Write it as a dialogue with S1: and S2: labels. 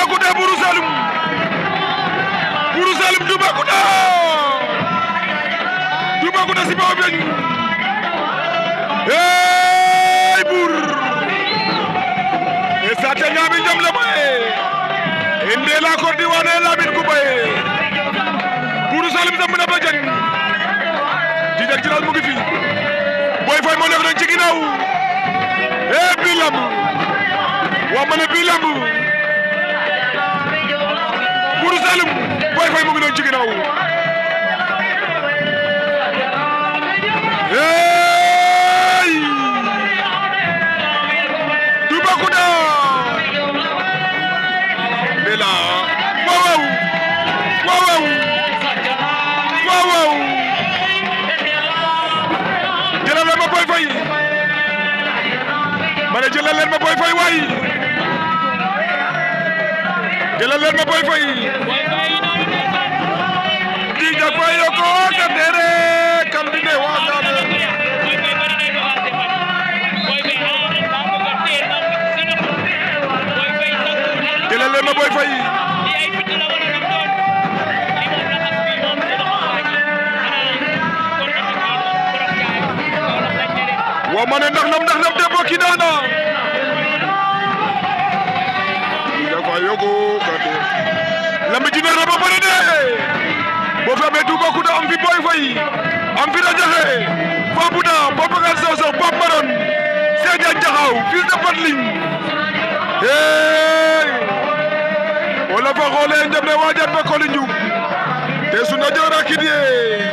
S1: Toubacouta Bourou Saloum Bourou Saloum Toubacouta Toubacouta si baw beñ hey Bour e sate ñaami jam le baye en de la kordi wane lamin ku baye Bourou Saloum sam na bajan di jak mu ngi boy fay mo nekk nañ ci ginnaaw e bi lamb ma ne bi boy mu ngi doon ci ginnaaw hey Toubacouta ma Boy Faye ma ne jëlal leen ma Boy Faye waay jëlal leen ma Boy
S2: Faye door na Boy Faye
S1: wa ma ne ndax nam ndax nam debbo kiɗana dafa yogo kade lambi jinor na ba pare de bo feme Toubacouta am fi Boy Faye am fi Radiakhé Fabouda Babacar Sow Sow Pape Maron Seejan Jaxaw fils de Batling wala ba xoolee njam ne waajat ba koli njum te suna joora kidiyee